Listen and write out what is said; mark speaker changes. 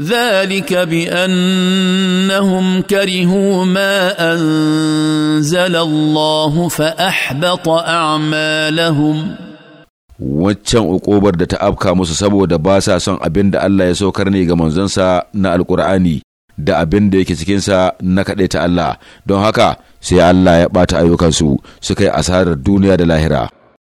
Speaker 1: ذلك بانهم كرهوا ما انزل الله فاحبط اعمالهم
Speaker 2: waccan uƙobar da ta afka musu saboda ba sa son abin da Allah ya saukar ne ga manzonsa na alƙur'ani da abin da yake cikinsa na kaɗai ta Allah don haka sai Allah ya ɓata ayyukansu suka yi asarar duniya da lahira